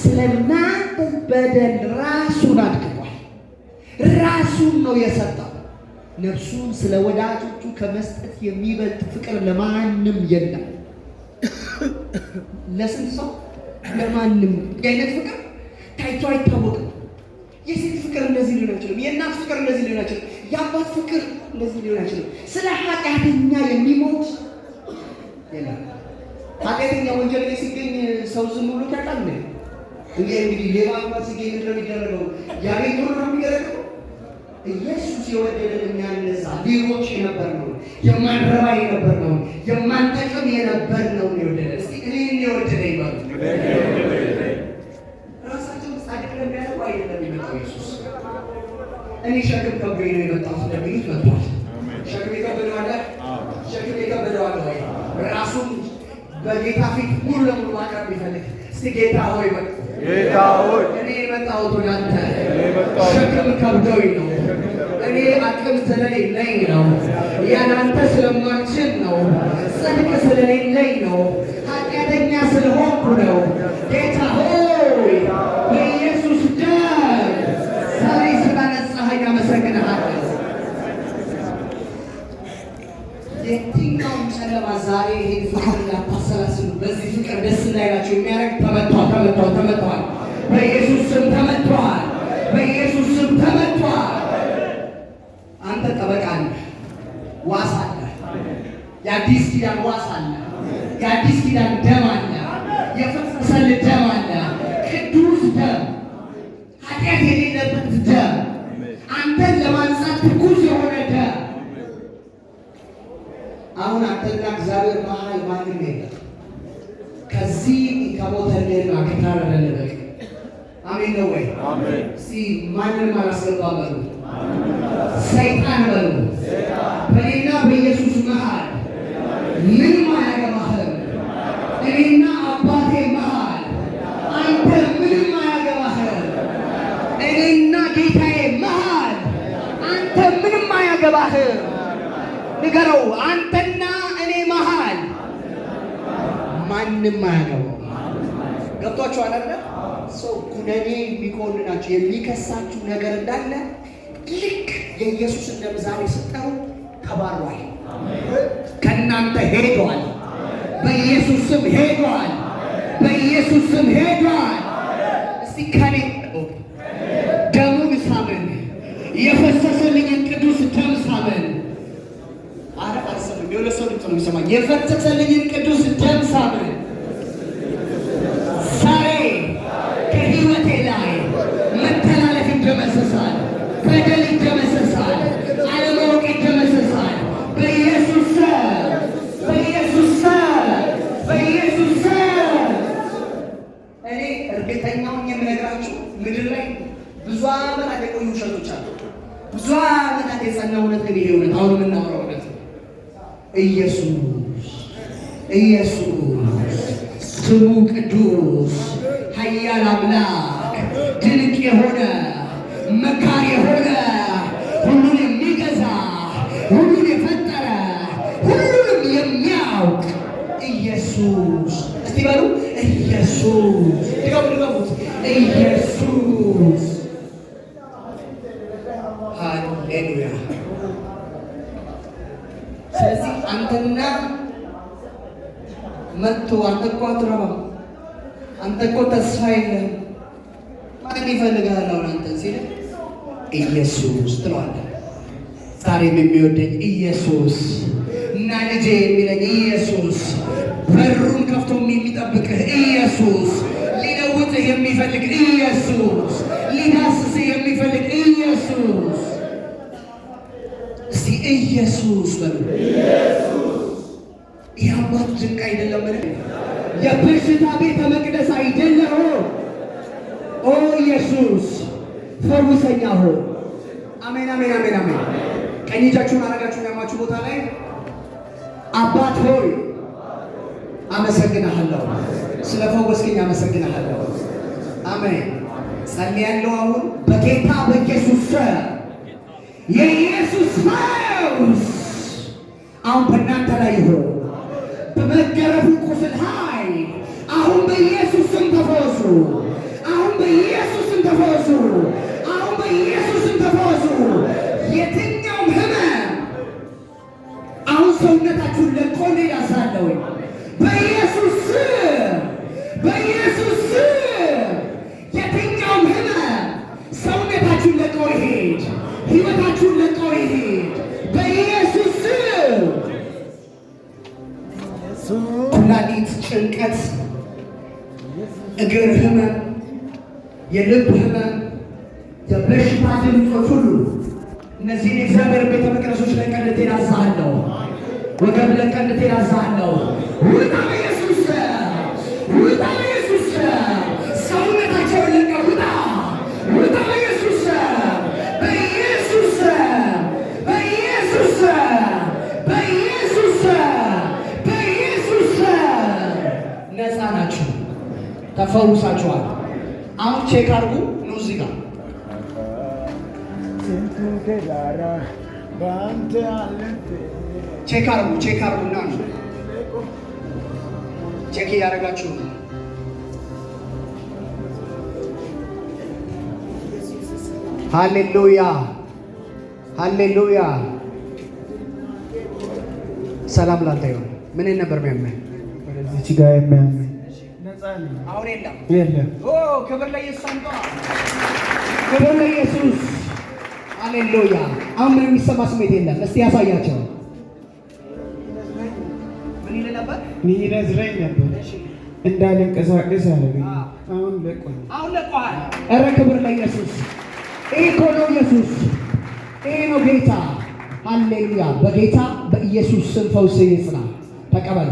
ስለእናንተ በደል ራሱን አድቅቋል። ራሱን ነው የሰጠው። ነፍሱን ስለ ወዳጆቹ ከመስጠት የሚበልጥ ፍቅር ለማንም የለም። ለስንት ሰው ለማንም የአይነት ፍቅር ታይቶ አይታወቅም። የሴት ፍቅር እንደዚህ ሊሆን አይችልም። የእናት ፍቅር እንደዚህ ሊሆን አይችልም። የአባት ፍቅር እንደዚህ ሊሆን አይችልም። ስለ ኃጢአተኛ የሚሞት የለም። ኃጢአተኛ ወንጀል ሲገኝ ሰው ዝም ብሎ ያጣል። እኔ እንግዲህ ሌባ እንኳን ሲገኝ ምንድን ነው የሚደረገው? ያገኘው ነው የሚደረገው። ኢየሱስ የወደደን የሚያነሳ ሌቦች የነበር ነው፣ የማንረባ የነበር ነው፣ የማንጠቅም የነበር ነው የወደደ። እስ እኔ የወደደ ይባሉ። ራሳቸው ጻድቅ ለሚያደርጉ አይደለም የመጣው ኢየሱስ። እኔ ሸክም ከብዶኝ ነው የመጣሁት ስለሚሉት መጥቷል። ሸክም የከበደዋለ ሸክም የከበደዋለ ወይ ራሱን በጌታ ፊት ሙሉ ለሙሉ ማቅረብ ይፈልግ። እስቲ ጌታ ሆይ በቃ እኔ የመጣሁት ወደ አንተ ሸክም ከብዶኝ ነው። እኔ አቅም ስለሌለኝ ነው። ያን አንተ ነው። ጽድቅ ስለሌለኝ ነው። ኃጢአተኛ ስለሆንኩ ነው። ጌታ ሆይ በኢየሱስ ደም ዛሬ ስላነጻኸኝ አመሰግንሃለሁ። የትኛውም ጨለማ ዛሬ ይህን ፍቅር በዚህ ፍቅር ደስ እንዳይላቸው የሚያደርግ ተመቷል፣ ተመቷል፣ ተመቷል። በኢየሱስ ስም ተመቷል፣ በኢየሱስ ስም ተመቷል። አንተ ጠበቃ ነህ፣ ዋስ አለ፣ የአዲስ ኪዳን ዋስ አለ፣ የአዲስ ኪዳን ደም አለ፣ የፈሰሰል ደም አለ፣ ቅዱስ ደም፣ ኃጢአት የሌለበት ደም፣ አንተን ለማንጻት ትኩስ የሆነ ደም። አሁን አንተና እግዚአብሔር መሀል ማንም የለም። ከዚህ ከቦተ ሌላ ከታረደን በቀር አሜን ነው ወይ? እስቲ ማንም አላስገባም በሉ፣ ሰይጣን በሉ። በእኔና በኢየሱስ መሃል ምንም አያገባህም። እኔና አባቴ መሃል አንተ ምንም አያገባህም። እኔና ጌታዬ መሃል አንተ ምንም አያገባህም። ንገረው አንተና ማንም አያገባው። ገብቷችኋል አይደለ? ሰው ኩነኔ የሚኮንናችሁ የሚከሳችሁ ነገር እንዳለ ልክ የኢየሱስ ደም ዛሬ ስጠሩ ተባሯል፣ ከእናንተ ሄደዋል። በኢየሱስ ሄደዋል። ሄደዋል። እስቲ ከኔ ደሙን ሳመን፣ የፈሰሰልኝን ቅዱስ ደም ሳመን። አረ አስብ፣ የሁለት ሰው ድምፅ ነው የሚሰማኝ። የፈሰሰልኝን ቅዱስ ደም ሳመን አረ ሰው ድምፅ ነው የሚሰማኝ የፈሰሰልኝን ቅዱስ ደም ሳመን አሁን የምናወራው ነው። ኢየሱስ ኢየሱስ ስሙ ቅዱስ ኃያል አምላክ ድንቅ የሆነ መካር የሆነ ሁሉን የሚገዛ ሁሉን የፈጠረ ሁሉንም የሚያውቅ ኢየሱስ እስቲ በሉ ኢየሱስ ድገሙ ድገሙት ኢየሱስ ሃሌሉያ ስለዚህ አንተና መጥቶ አንተ እኮ አትረባም፣ አንተ እኮ ተስፋ የለህም፣ ማን ይፈልግሃል አሁን አንተን ሲል ኢየሱስ ትለዋለህ። ዛሬም የሚወደኝ ኢየሱስ እና ልጄ የሚለኝ ኢየሱስ፣ በሩን ከፍቶም የሚጠብቅህ ኢየሱስ፣ ሊለውጥህ የሚፈልግ ኢየሱስ፣ ሊዳስስህ የሚፈልግ ኢየሱስ ኢየሱስ በሉ። ይህ አባት ድንቅ አይደለም? የበሽታ ቤተ መቅደስ አይደለም? ኦ ኢየሱስ ፈውሰኛ ሆ አሜን፣ አሜን፣ አሜን፣ አሜን። ቀኝ እጃችሁን አረጋችሁ ያማችሁ ቦታ ላይ አባት ሆይ አመሰግናለሁ፣ ስለ ፈወስከኝ አመሰግናለሁ። አሜን። ጸልያለሁ አሁን በጌታ በኢየሱስ የኢየሱስ ፈውስ አሁን በእናንተ ላይ ይሁን። በመገረፉ ቁስል ሀይ አሁን በኢየሱስ ስም ተፈወሱ። አሁን በኢየሱስ ስም ተፈወሱ። አሁን በኢየሱስ ስም ተፈወሱ። የትኛውም ህመም አሁን ሰውነታችሁን ለቆ ሌላ ሳለወኝ በኢየሱስ ስም ይሄድ። ህይወታችሁን ለቆ ይሄድ በኢየሱስ ኩላሊት ጭንቀት፣ እግር ህመም፣ የልብ ህመም፣ የበሽታ ድምፆች ሁሉ እነዚህን የእግዚአብሔር ቤተ መቅደሶች ለቀን ልትሄድ አዝሃለሁ። ወገብ ለቀን ልትሄድ አዝሃለሁ። ውጣ በኢየሱስ ውጣ ፈውሳችኋል። አሁን ቼክ አድርጉ። ኑ እዚህ ጋር ቼክ ቼክ ቼክ እያደረጋችሁ ነው። ሃሌሉያ ሃሌሉያ። ሰላም ላንተ ይሁን። ምን ነበር የሚያመህ? ጋር የሚያመህ አሁን የለም የለም። ክብር ለኢየሱስ አንቷ ክብር ለኢየሱስ አሌሉያ። አሁን ምን የሚሰማ ስሜት የለም። እስቲ ያሳያቸው። ምን ይል ነበር? ምን ይነዝረኝ ነበር እንዳልንቀሳቀስ ያደረገኝ አሁን ለቆኝ፣ አሁን ለቆሃል። ኧረ ክብር ለኢየሱስ። ይህ እኮ ነው ኢየሱስ፣ ይህ ነው ጌታ። አሌሉያ። በጌታ በኢየሱስ ስም ፈውስ ይጽና። ተቀበል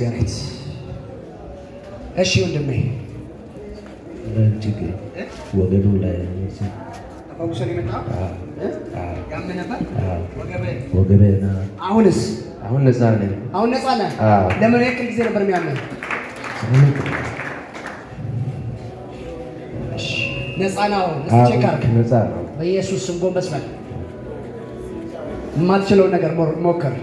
ስፒሪት። እሺ ወንድሜ ወገኑ ላይ ወገበና አሁንስ አሁን ነፃ ነህ? አሁን ነፃ ነህ? ለምን ያክል ጊዜ ነበር የሚያመህ? ነፃ ነው። በኢየሱስ ስም ጎንበስ በል። የማትችለውን ነገር ሞክር።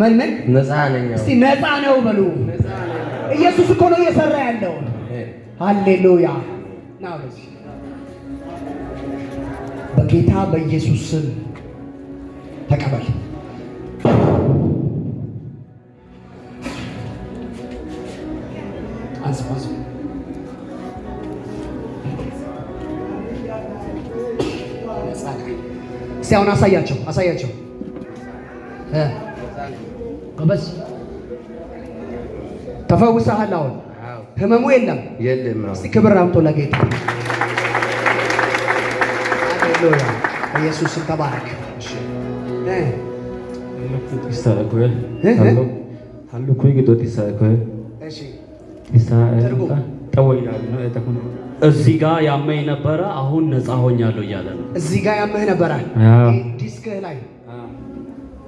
ምን ምን ነፃ ነኝ። እስቲ ነፃ ነው በሉ። ኢየሱስ እኮ ነው እየሰራ ያለው። ሃሌሉያ። ናው በጌታ በኢየሱስ ስም ተቀበል። እስቲ አሁን አሳያቸው አሳያቸው አበስ ተፈውሰሃል። አሁን ህመሙ የለም የለም። እስቲ ክብር አምጦ ለጌታ ሃሌሉያ። ኢየሱስ ተባረክ። እዚህ ጋር ያመኝ ነበረ፣ አሁን ነፃ ሆኛለሁ እያለ ነው። እዚህ ጋር ያመህ ነበረ፣ ዲስክህ ላይ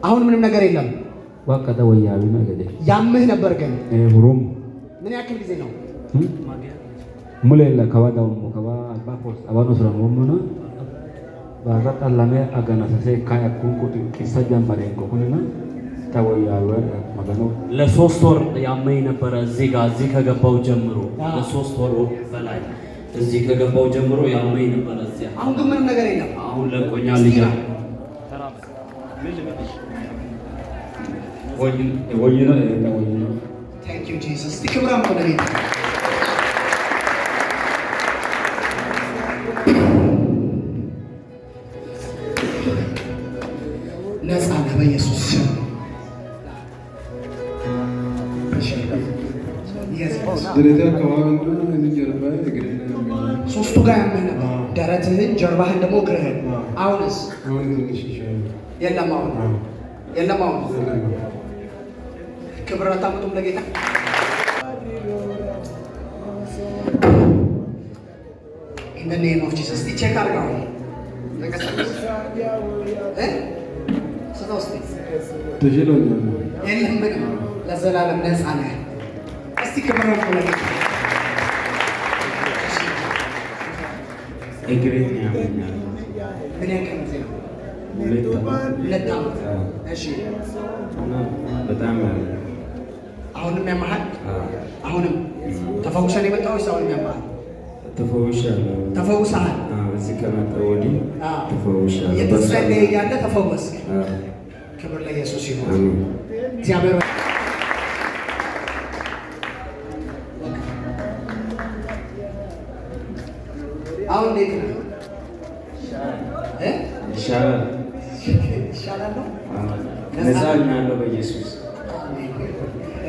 አሁን ምንም ነገር የለም። ዋቀደ ወያዊ መገደ ያምህ ነበር ግን ሩም ምን ያክል ጊዜ ነው? ሙሌ ከባዳው ከባ አባ ፖስ አባዶ ነው ሞና ባዛት አላሜ አገናሰሴ ካያኩን ቁጥ ቂሰጃን ባሬን ኮሁንና ታወያዊ ማገኖ ለሶስት ወር ያመኝ ነበረ። እዚህ ጋር እዚህ ከገባው ጀምሮ ለሶስት ወር በላይ እዚህ ከገባው ጀምሮ ያመኝ ነበረ። እዚህ አሁን ግን ምንም ነገር የለም። አሁን ለቆኛል ልጅ Thank you, Jesus. ክብራም ለቤት ነፃ ነህ በኢየሱስ ሶስቱ ጋር ያመህ ደረትህን፣ ጀርባህን ደግሞ እግርህን። አሁንስ የለም አሁን የለም አሁን ክብር አታመጡም ለጌታ? እንደኔ ነው ቺ ስስቲ ቼክ አርጋው ለዘላለም ነፃ ነህ። እስቲ ክብር እግሬ ያመኛል። ምን ያክል ጊዜ ነው? ሁለት ዓመት። እሺ በጣም አሁንም ያመሃል። አሁንም ተፈውሰን የመጣው ወይስ አሁንም ያመሃል? ተፈውሻለሁ። ተፈውሰሃል። እዚህ ከመጣሁ ወዲህ ተፈውሻለሁ። የተጸለየ እያለ ተፈወስ። ክብር ለኢየሱስ ይሁን። እግዚአብሔር አሁን እንዴት ነው? ይሻላል። ይሻላል ነው። ነፃ ሆኛለሁ በኢየሱስ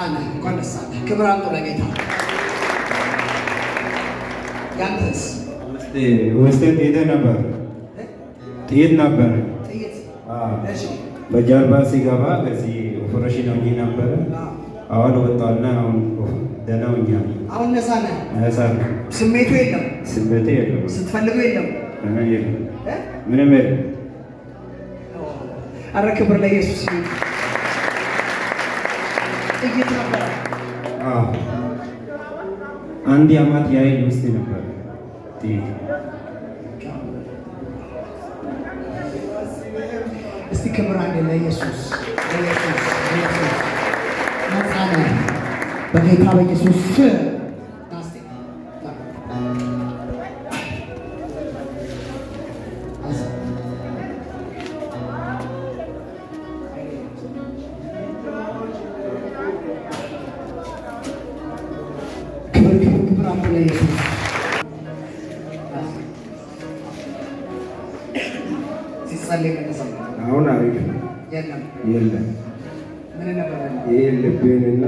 ህፃን እንኳን ደስ ክብር አንተ ለጌታ። ያንተስ ውስጤ ጥይት ነበር፣ ጥይት ነበር። በጀርባ ሲገባ በዚህ ኦፕሬሽን ሆኜ ነበረ። አሁን ወጣና አሁን ደህና አሁን ስሜቱ የለም፣ ስሜቱ የለም፣ ስትፈልገው የለም፣ ምንም የለም። አረ ክብር ለኢየሱስ ይሁን። አንድ አማት የአይል ውስጥ ነበር። እስቲ ክብር አንድ ለኢየሱስ በጌታ በኢየሱስ አልተለየም። ሲጸልይ አሁን አሪፍ የለም የለም ይህ ልቤንና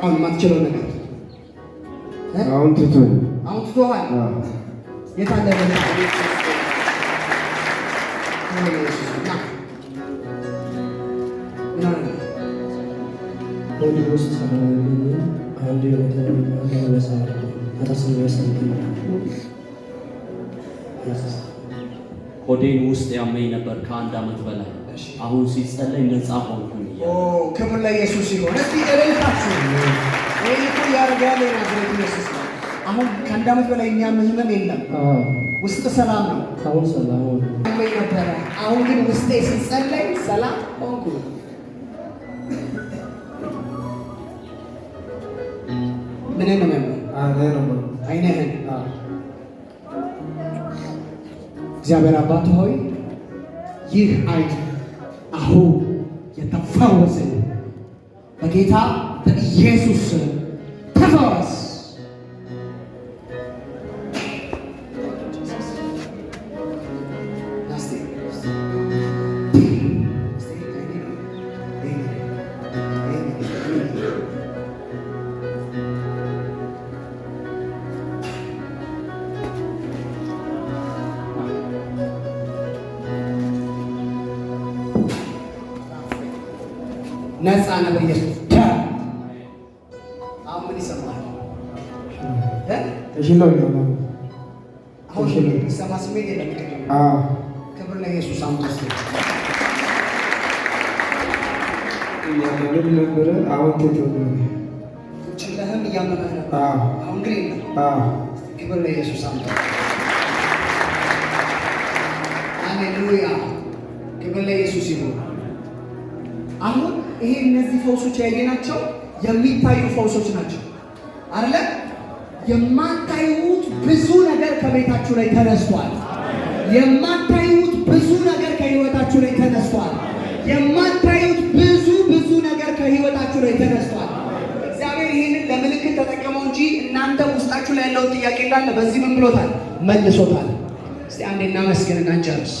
አሁን የማትችለው ነገር አሁን ትቶ አሁን ትቶሃል። የታለ ሆዴን ውስጥ ያመኝ ነበር ከአንድ ዓመት በላይ አሁን ሲጸለይ ነፃ ሆንኩኝ እያለ ክብር ለኢየሱስ ይሁን። እስቲ እልልታችሁ ይህ ያርጋለ ናዝሬቱ ኢየሱስ ነው። አሁን ከአንድ ዓመት በላይ እኛ ምህመም የለም ውስጥ ሰላም ነው። አሁን ሰላም ሆኖ ነበረ። አሁን ግን ውስጤ ሲጸለይ ሰላም ሆንኩ። ምንን ነው አይነህን እግዚአብሔር አባት ሆይ ይህ አይን አሁን የተፈወሰ በጌታ በኢየሱስ ነፃ ነው። ኢየሱስ አሁን ምን ይሰማል? ተሽለው አሁን የሚሰማ ስሜት የለም። ክብር ለኢየሱስ አምስት እያመመን ነበረ። አሁን ትቶ ጭንቅላትህም እያመመህ ነበር። አሁን ግን የለም። ክብር ለኢየሱስ አምስት ሃሌሉያ። ክብር ለኢየሱስ ይሁን። አሁን ይሄ እነዚህ ፈውሶች ያየናቸው የሚታዩ ፈውሶች ናቸው አለ የማታዩት ብዙ ነገር ከቤታችሁ ላይ ተነስቷል። የማታዩት ብዙ ነገር ከህይወታችሁ ላይ ተነስቷል። የማታዩት ብዙ ብዙ ነገር ከህይወታችሁ ላይ ተነስቷል። እግዚአብሔር ይህንን ለምልክት ተጠቀመው እንጂ እናንተ ውስጣችሁ ላይ ያለውን ጥያቄ እንዳለ በዚህ ምን ብሎታል? መልሶታል። እስቲ አንዴ እናመስግን፣ እናንጨርስ።